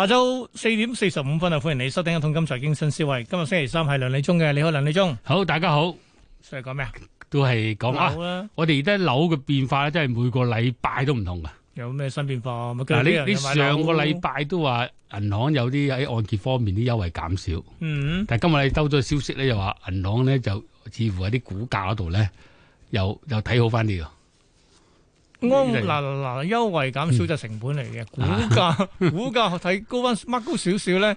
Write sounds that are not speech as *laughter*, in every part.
下週四點四十五分啊，歡迎你收聽《一桶金財經新思維》。今日星期三，係梁理中嘅。你好，梁理中。好，大家好。想講咩啊？都係講下啦。我哋而家樓嘅變化咧，即係每個禮拜都唔同噶。有咩新變化？嗱、啊，你你上個禮拜都話銀行有啲喺按揭方面啲優惠減少。嗯。但係今日你收咗消息咧，又話銀行咧就似乎喺啲股價嗰度咧又又睇好翻啲。我嗱嗱嗱，嗯 *noise* 嗯、優惠減少就成本嚟嘅，估價估價睇高翻，乜高少少咧？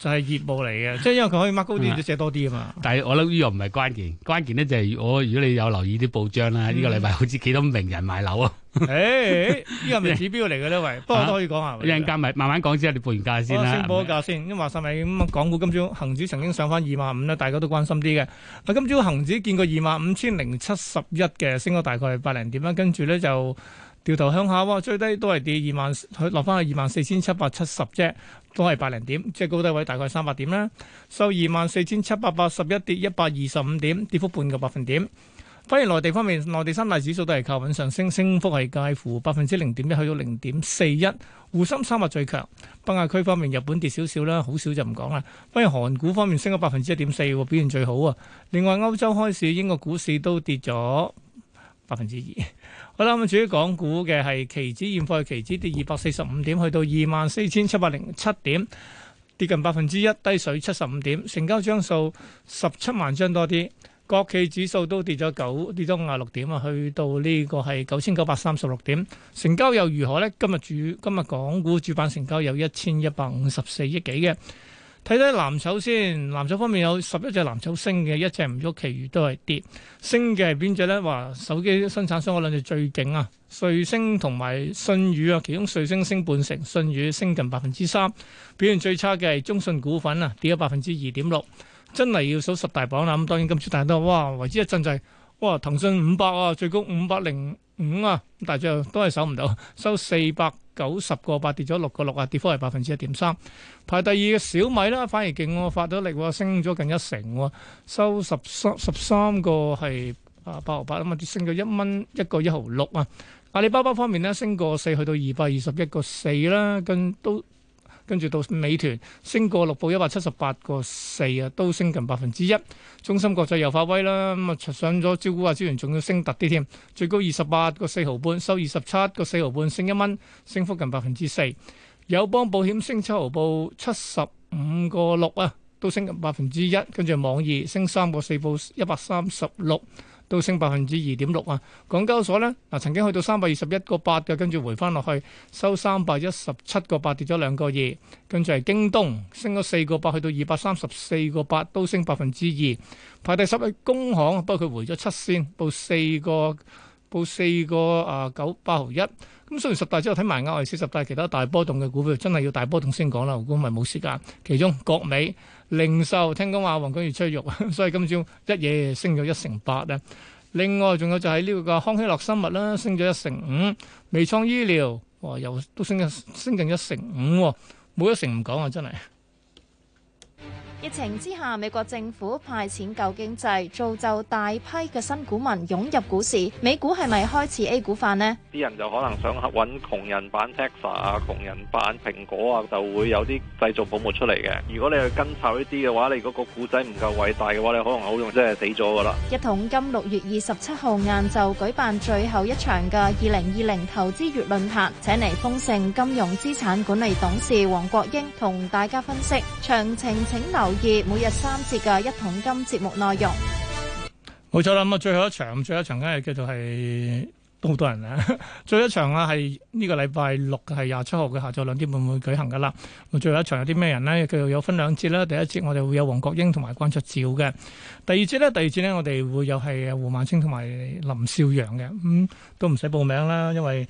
就係業務嚟嘅，即係因為佢可以掹高啲，就、嗯、寫多啲啊嘛。但係我諗呢個唔係關鍵，關鍵咧就係我如果你有留意啲報章啦、啊，呢、嗯、個禮拜好似幾多名人買樓啊？誒、 *laughs* 哎，呢個咪指標嚟嘅咧，喂、啊，不過都可以講下。一陣間咪慢慢講先，你報完價先啦。先報個價先，咁華生咪咁啊？港股今朝恒指曾經上翻二萬五啦，大家都關心啲嘅。啊，今朝恒指見過二萬五千零七十一嘅，升咗大概百零點啦。跟住咧就。掉頭向下喎，最低都係跌二萬，佢落翻去二萬四千七百七十啫，都係百零點，即係高低位大概三百點啦。收二萬四千七百八十一，跌一百二十五點，跌幅半個百分點。反而內地方面，內地三大指數都係靠穩上升，升幅係介乎百分之零點一去到零點四一。滬深三百最強，北亞區方面日本跌少少啦，好少就唔講啦。反而韓股方面升咗百分之一點四，表現最好啊。另外歐洲開市英國股市都跌咗。百分之二，好啦咁啊，我至於港股嘅係期指、現貨嘅期指跌二百四十五點，去到二萬四千七百零七點，跌近百分之一，低水七十五點，成交張數十七萬張多啲。國企指數都跌咗九，跌咗廿六點啊，去到呢個係九千九百三十六點，成交又如何呢？今日主今日港股主板成交有一千一百五十四億幾嘅。睇睇藍籌先，藍籌方面有十一隻藍籌升嘅，一隻唔喐，其餘都係跌。升嘅係邊隻咧？話手機生產商嗰兩隻最勁啊，瑞聲同埋信宇啊，其中瑞聲升半成，信宇升近百分之三。表現最差嘅係中信股份啊，跌咗百分之二點六。真係要數十大榜啦，咁當然今次大家都哇，為之一震滯、就係。哇，騰訊五百啊，最高五百零五啊，但係最後都係守唔到，收四百。九十個八跌咗六個六啊，跌幅係百分之一點三。排第二嘅小米啦，反而勁喎，發咗力喎，升咗近一成喎，收十三十三個係啊八毫八啊嘛，跌升咗一蚊一個一毫六啊。阿里巴巴方面咧，升個四去到二百二十一個四啦，更都。跟住到美團升過六報一百七十八個四啊，4, 都升近百分之一。中心國際又發威啦，咁啊上咗招股價資源仲要升突啲添，最高二十八個四毫半，收二十七個四毫半，升一蚊，升幅近百分之四。友邦保險升七毫報七十五個六啊，6, 都升近百分之一。跟住網易升三個四報一百三十六。都升百分之二點六啊，港交所呢，嗱曾經去到三百二十一個八嘅，跟住回翻落去收三百一十七個八，跌咗兩個二。跟住係京東升咗四個八，去到二百三十四個八，都升百分之二。排第十位工行，不過佢回咗七仙，報四個，報四個啊九八毫一。咁雖然十大之後睇埋額外四十大，其他大波動嘅股票真係要大波動先講啦，如果唔係冇時間。其中國美。零售聽講話王江要出肉，所以今朝一夜升咗一成八咧。另外仲有就係呢個康希諾生物啦，升咗一成五。微創醫療哇，又都升升近一成五、哦，冇一成唔講啊，真係。疫情之下，美國政府派錢救經濟，造就大批嘅新股民湧入股市，美股係咪開始 A 股化呢？啲人就可能想揾窮人版 Tesla 啊、窮人版蘋果啊，就會有啲製造泡沫出嚟嘅。如果你去跟炒呢啲嘅話，你如果個股仔唔夠偉大嘅話，你可能好容易真係死咗噶啦。一桶金六月二十七號晏晝舉辦最後一場嘅二零二零投資月論壇，請嚟豐盛金融資產管理董事黃國英同大家分析，詳情請留。每日三節嘅一桶金節目內容，冇錯啦。咁啊，最後一場，最後一場梗係叫做係都好多人啦、 *laughs* 這個。最後一場啊，係呢個禮拜六係廿七號嘅下晝兩點半會舉行噶啦。咁最後一場有啲咩人呢？叫做有分兩節啦。第一節我哋會有黃國英同埋關卓照嘅，第二節呢，第二節呢，我哋會有係胡孟青同埋林少陽嘅。咁、嗯、都唔使報名啦，因為。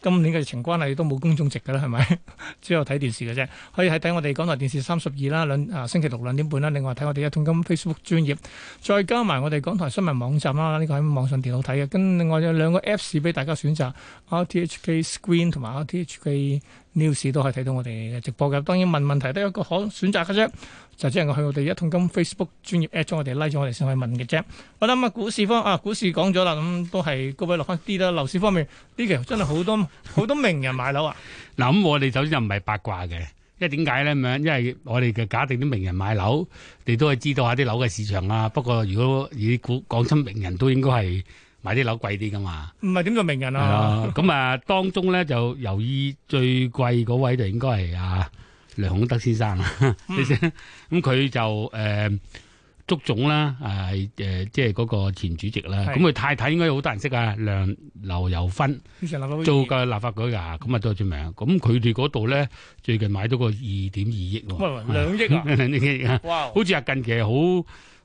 今年嘅疫情關係都冇公眾席㗎啦，係咪？ *laughs* 只有睇電視嘅啫。可以喺睇我哋港台電視三十二啦，兩啊星期六兩點半啦。另外睇我哋一通金 Facebook 專頁，再加埋我哋港台新聞網站啦。呢、呢個喺網上電腦睇嘅。跟另外有兩個 Apps 俾大家選擇，RTHK Screen 同埋 RTHK News 都可以睇到我哋嘅直播嘅。當然問問題都有一個可選擇嘅啫。就只能夠去我哋一桶金 Facebook 專業 at 咗我哋，拉咗我哋上去問嘅啫。好、嗯、啦，咁啊股市方啊股市講咗啦，咁、嗯、都係高位落翻啲啦。樓市方面呢期真係好多好呵多名人買樓啊。嗱咁、嗯、我哋首先就唔係八卦嘅，因為點解咧咁樣？因為我哋嘅假定啲名人買樓，你都係知道下啲樓嘅市場啊。不過如果以股講親名人都應該係買啲樓貴啲㗎嘛。唔係點叫名人啊？咁啊、嗯呃、當中咧就由於最貴嗰位就應該係啊。梁孔德先生、嗯， *laughs* 先、uh,。咁佢就誒足總啦，誒誒即係嗰個前主席啦。咁佢是、啊、太太應該好多人識啊，梁劉柔芬做嘅立法局噶，咁啊都係出名。咁佢哋嗰度咧，最近買咗個二點二億喎，哦，兩億啊，兩 *laughs* 哇 *laughs* 好！好似啊近期好。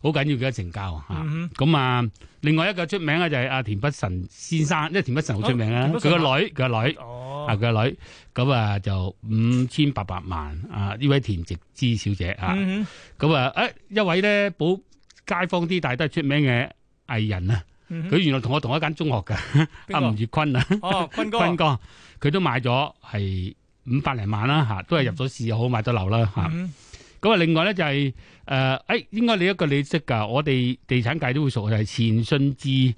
好緊要嘅成交啊！咁、嗯、哼啊，另外一個出名咧就係阿田北辰先生，嗯，因為田北辰好出名啊，佢個女，佢個女，哦、啊，佢個女，咁啊就五千八百萬啊！呢位田植之小姐、嗯、哼啊，咁啊，誒，一位咧保街坊啲，大都係出名嘅藝人啊！佢、嗯、哼原來同我同一間中學噶，阿吳月坤啊，坤哦，坤哥，坤哥， *laughs* 佢都買咗係五百零萬啦，吓，都係入咗市又好，買得樓啦，吓。啊啊咁啊，另外咧就係、是、誒，誒、呃，應該你一個你識噶，我哋地產界都會熟就係、是、前信之營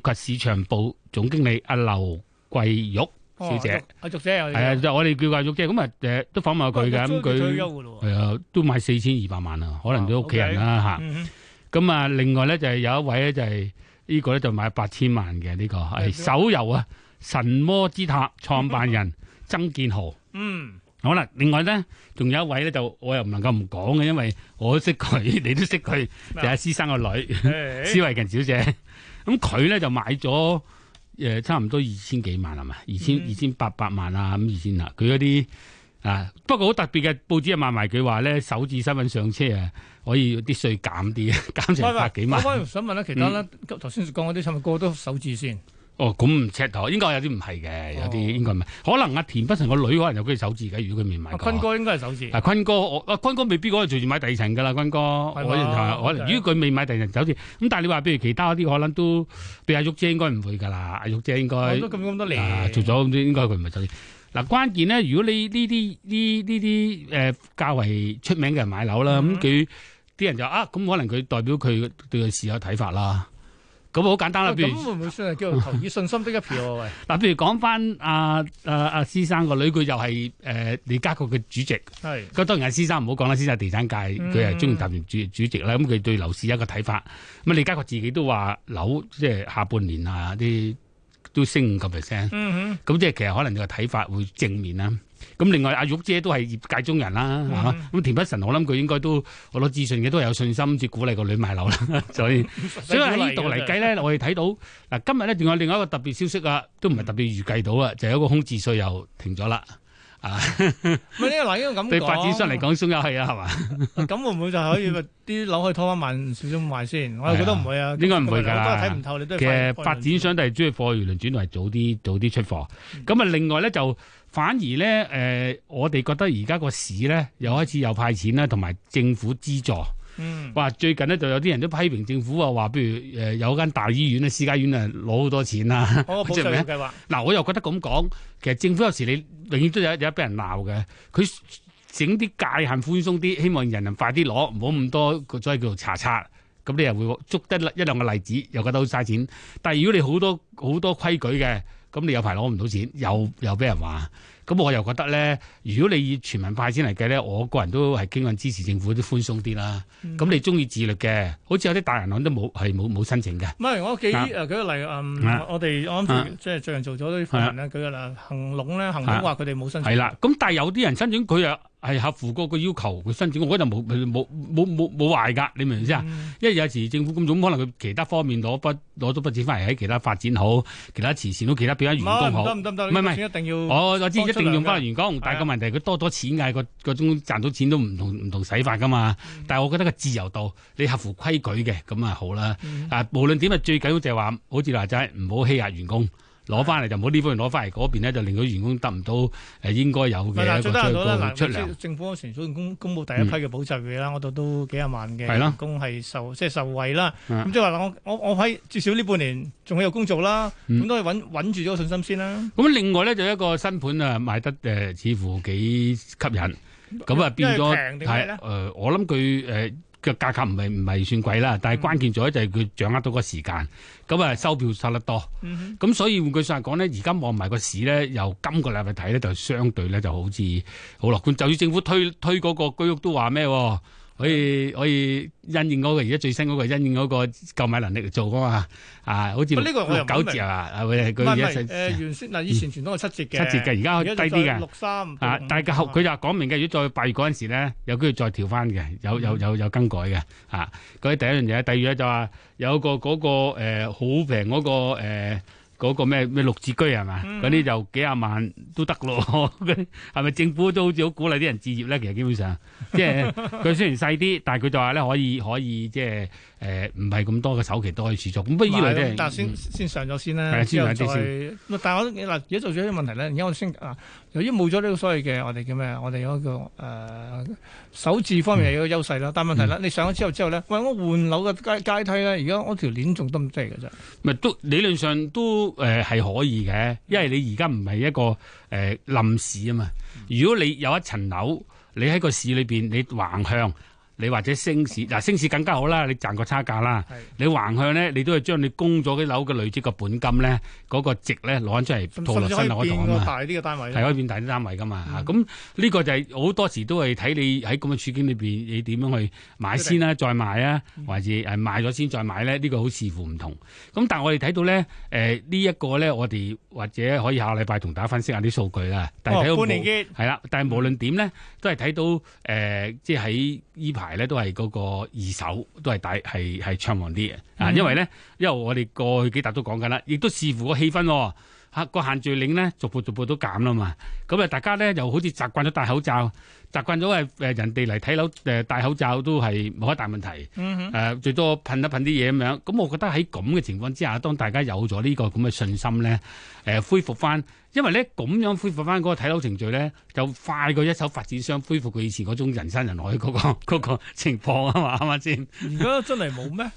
業及市場部總經理阿劉桂玉小姐，阿玉姐係啊，我哋叫阿玉姐，咁啊，誒的，都訪問下佢嘅，咁佢係啊，啊啊都，都買四千二百萬啊，可能都屋企人啦吓。咁啊，okay，嗯、另外咧就係有一位咧就係、是、呢、這個咧就買八千萬嘅呢、這個係、嗯、哼手遊啊神魔之塔創辦人曾建豪，嗯。好啦，另外咧，仲有一位咧，就我又唔能夠唔講嘅，因為我都識佢，你都識佢，就阿施生個女，Hey. 施慧勤小姐。咁佢咧就買咗誒、呃，差唔多，多2000、嗯、二千幾萬係嘛，二千二千八百萬啊，咁、嗯、二千啊。佢嗰啲啊，不過好特別嘅報紙啊，賣埋佢話咧，首置身份上車啊，可以啲稅減啲，減成百幾萬。我，我想問咧，其他咧，頭先講嗰啲係咪個個都首置先？哦，咁赤頭應該有啲唔係嘅，有啲應該唔係，可能阿田北辰個女可能有幾隻手指嘅，如果佢未買、啊。坤哥應該係手指。嗱，坤哥我阿坤哥未必嗰日仲要買第二層噶啦，坤哥。可能吧的如果佢未買第二層手指，咁但係你話，譬如其他一啲可能都，譬如阿玉姐應該唔會噶啦，阿玉姐應該。咁咁、啊、多年。啊、做咗咁多，應該佢唔係手指。嗱、啊，關鍵咧，如果你呢啲呢呢啲誒較為出名嘅人買樓啦，咁佢啲人就啊，咁、啊、可能佢代表佢對佢事有睇法啦。咁好簡單啦，咁、啊、會唔會算係叫做投以信心的一票 *laughs* 啊？喂，嗱、啊，譬如講翻阿阿阿施生個女，佢又係誒李家國嘅主席，係咁是當然阿施生唔好講啦，施、啊、生地產界佢係中意集團主主席啦，咁、啊、佢對樓市有一個睇法，咁、啊、李家國自己都話樓即係下半年啊啲都升五個 percent，咁即係其實可能你個睇法會正面啦。咁另外阿玉姐都係業界中人啦，吓咁、嗯、田北辰，我諗佢應該都好多自信嘅，都係有信心去鼓勵個女買樓啦。 *laughs* 所以 *laughs* 所以喺 *laughs* 呢度嚟計咧， *laughs* 我哋睇到嗱，今日咧仲有另外一個特別消息啊，都唔係特別預計到啊，嗯、就有一個空置稅又停咗啦。啊！呢個嗱，呢個咁對發展商嚟講，仲有係啊，係嘛？咁會唔會就可以啲樓去拖一慢少少賣先？啊、我係覺得唔會啊，應該唔會噶。好多睇唔透，啊、你都其實發展商貨輪轉，都係鍾意貨源輪轉，係早啲早啲出貨。咁啊，嗯、另外咧就反而咧，誒、呃，我哋覺得而家個市咧又開始有派錢啦，同埋政府資助。嗯，哇！最近咧就有啲人都批評政府啊，話不如誒有間大醫院咧私家醫院啊攞好多錢啦，即係咩咧？嗱， *laughs* 我又覺得咁講，其實政府有時你永遠都有有得俾人鬧嘅。佢整啲界限寬鬆啲，希望人人快啲攞，唔好咁多所謂叫做查冊。咁你又會捉得一兩個例子，又覺得好嘥錢。但係如果你好多好多規矩嘅。咁你有排攞唔到錢，又又俾人話，咁我又覺得咧，如果你以全民派錢嚟計咧，我個人都係傾向支持政府都寬鬆啲啦。咁、嗯、你中意自律嘅，好似有啲大銀行都冇係冇冇申請嘅。唔係，我幾誒舉個例，嗯，我哋我諗住即係最近做咗啲訪問咧，舉個例，恒隆咧，恒隆話佢哋冇申請。係啦、啊，咁、啊啊、但係有啲人申請，佢又。係合乎嗰個要求，佢申請，我就冇冇冇冇冇壞㗎，你明唔明先啊？嗯、因為有時政府公眾可能佢其他方面攞不攞到筆錢翻嚟喺其他發展好，其他慈善都，其他俾翻員工好。唔得唔得係唔係，唔得唔得一定要我我知，一定用翻員工。啊、的但係個問題，佢多多錢嗌，個個種賺到錢都唔同唔同使法㗎嘛。嗯、但係我覺得個自由度，你合乎規矩嘅咁啊好啦。啊、嗯，無論點啊，最緊要就係話，好似話齋，唔好欺壓員工。攞翻嚟就唔好呢方面攞翻嚟，嗰邊咧就令到員工得唔到誒應該有嘅一個出糧。政府嗰陣時，所以公公布第一批嘅補習嘅啦，我度都幾廿萬嘅工係受即係受惠啦。咁即係話，我我我喺至少呢半年仲可以有工做啦。咁都係穩穩住咗信心先啦。咁另外咧就一個新盤啊，賣得誒似乎幾吸引。咁啊變咗係誒我諗佢誒。個價格唔係唔係算貴啦，但係關鍵在咧就係佢掌握到個時間，咁啊收票收得多，咁、嗯、哼所以換句上話講咧，而家望埋個市咧，由今個禮拜睇咧就相對咧就好似好樂觀。就算政府推推嗰個居屋都話咩？可以可以因應嗰個而家最新嗰個因應嗰個購買能力嚟做啊嘛啊，好似六九折啊！唔係、唔係、呃、原先嗱以前傳統係七折嘅，七折嘅而家低啲嘅六三啊！但係佢、啊、就講明嘅，如果再八月嗰陣時咧，有機會再調翻嘅，有有有有更改嘅啊！嗰啲第一樣嘢，第二咧就話有個嗰、嗰個好平嗰個嗰個咩咩綠字居係嘛？嗰啲、嗯、就幾廿萬都得咯，係 *laughs* 咪政府都好似好鼓勵啲人置業咧？其實基本上，即係佢 *laughs* 雖然細啲，但係佢就話咧可以可以即係。誒唔係咁多嘅首期都可以持續，咁不如呢，兩先先上咗先啦、嗯就是，但係我嗱而家做咗啲問題咧，而家我先啊，由於冇咗呢個所謂嘅我哋叫咩我哋嗰、那個首置、呃、方面有一個優勢啦，嗯、但係問題咧，你上咗之後之後咧，餵、呃、我換樓嘅階階梯咧，而家我條鏈仲得唔得嘅啫。咪都理論上都誒係可以嘅，因為你而家唔係一個誒冧市啊嘛，如果你有一層樓，你喺個市裏邊你橫向，你或者升市，嗱升市更加好啦，你賺個差價啦。是你橫向咧，你都係將你供咗啲樓嘅累積嘅本金咧，嗰、那個值咧攞出嚟套落新樓嗰度啊嘛。係可以變大啲單位，係可以變大啲單位噶嘛。咁呢、啊嗯嗯、個就係、是、好多時都係睇你喺咁嘅處境裏邊，你點樣去買先啦、啊，定再賣啊，或者係賣咗先再買咧？呢、這個好視乎唔同。咁、嗯嗯、但係我哋睇到咧，誒、呃這個、呢一個咧，我哋或者可以下個禮拜同大家分析下啲數據啦。但半睇到，嗯、到，係、呃、啦。但係無論點咧，都係睇到誒，即係喺依排。嚟咧都係嗰個二手都係大係係暢旺啲嘅啊。嗯、因為咧，因為我哋過去幾集都講緊啦，亦都視乎個氣氛、哦。個限聚令咧，逐步逐步都減啦嘛，咁啊大家咧又好似習慣咗戴口罩，習慣咗係誒人哋嚟睇樓誒戴口罩都係冇乜大問題。誒、嗯哼呃、最多噴一噴啲嘢咁樣。咁我覺得喺咁嘅情況之下，當大家有咗呢個咁嘅信心咧，誒、呃、恢復翻，因為咧咁樣恢復翻嗰個睇樓程序咧，就快過一手發展商恢復佢以前嗰種人山人海嗰、嗰個嗰個情況啊嘛，係咪先？如果真係冇咩？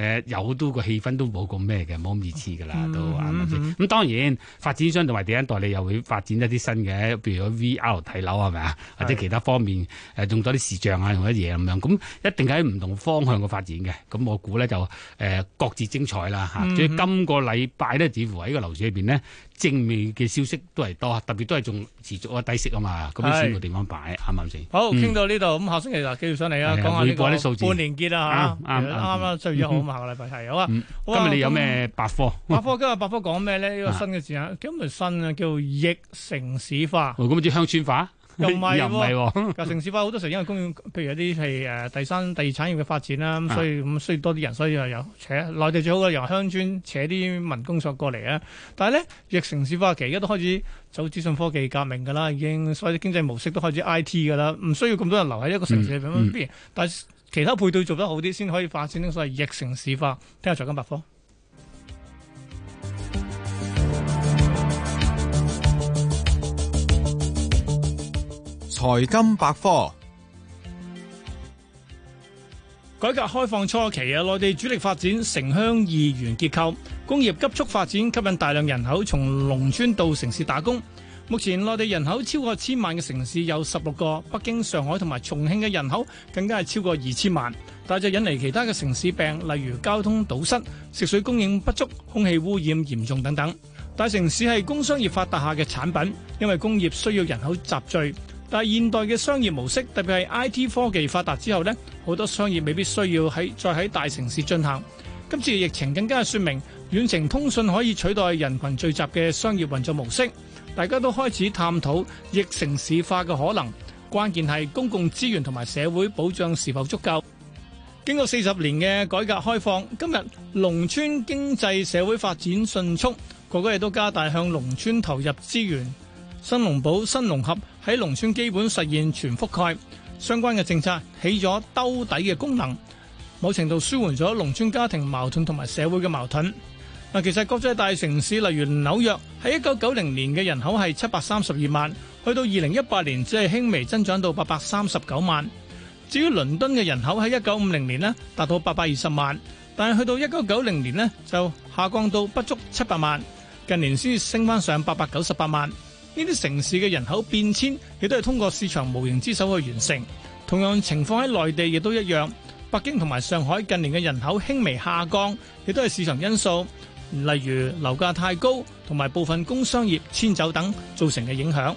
誒、呃、有好多個氣氛都冇咁咩嘅，冇咁熱刺噶啦，嗯、都啱咁、啊嗯、當然發展商同埋地產代理又會發展一啲新嘅，譬如 V R 睇樓係咪啊？或者其他方面誒是、呃，用咗啲視像啊，用一嘢咁樣。咁一定喺唔同方向嘅發展嘅。咁、嗯、我估咧就誒、呃、各自精彩啦嚇。所、啊、以、嗯、今個禮拜咧，似乎喺個樓市裏邊咧。正面嘅消息都係多，特別都係仲持續啊低息啊嘛，咁啲錢冇地方擺，啱唔啱先？好、嗯，傾到呢度，咁下星期就繼續上嚟啦，講下呢個啲數半年結啦嚇，啱啦、嗯，七月一號嘛，下個禮拜係好啊。今日你有咩百科？百科今日百科講咩咧？呢、這個新嘅字啊，今日新啊叫逆城市化，咁唔知鄉村化？又唔係喎，啊、城市化好多時候因為工業，譬 *laughs* 如有啲係誒第三、第二產業嘅發展啦，咁 *laughs* 所以咁需要多啲人，所以又由扯內地最好嘅由鄉村扯啲民工索過嚟啊。但係咧逆城市化其實，而家都開始走資訊科技革命㗎啦，已經所以經濟模式都開始 I T 㗎啦，唔需要咁多人留喺一個城市入邊。嗯嗯、但係其他配套做得好啲，先可以發展呢個所謂逆城市化。聽下財經百科。財金百科，改革開放初期啊，內地主力發展城鄉二元結構，工業急速發展，吸引大量人口從農村到城市打工。目前內地人口超過千萬嘅城市有十六個，北京、上海同埋重慶嘅人口更加係超過二千萬，但就引嚟其他嘅城市病，例如交通堵塞、食水供應不足、空氣污染嚴重等等。大城市係工商業發達下嘅產品，因為工業需要人口集聚。但係現代嘅商業模式，特別係 I.T. 科技發達之後呢，好多商業未必需要喺再喺大城市進行。今次疫情更加係說明遠程通訊可以取代人群聚集嘅商業運作模式。大家都開始探討逆城市化嘅可能，關鍵係公共資源同埋社會保障是否足夠。經過四十年嘅改革開放，今日農村經濟社會發展迅速，個個亦都加大向農村投入資源。新農保、新農合喺農村基本實現全覆蓋，相關嘅政策起咗兜底嘅功能，某程度舒緩咗農村家庭矛盾同埋社會嘅矛盾。嗱，其實國際大城市例如紐約喺一九九零年嘅人口係七百三十二萬，去到二零一八年只係輕微增長到八百三十九萬。至於倫敦嘅人口喺一九五零年呢達到八百二十萬，但係去到一九九零年呢就下降到不足七百萬，近年先升翻上八百九十八萬。呢啲城市嘅人口變遷亦都係通過市場無形之手去完成。同樣情況喺內地亦都一樣，北京同埋上海近年嘅人口輕微下降，亦都係市場因素，例如樓價太高同埋部分工商業遷走等造成嘅影響。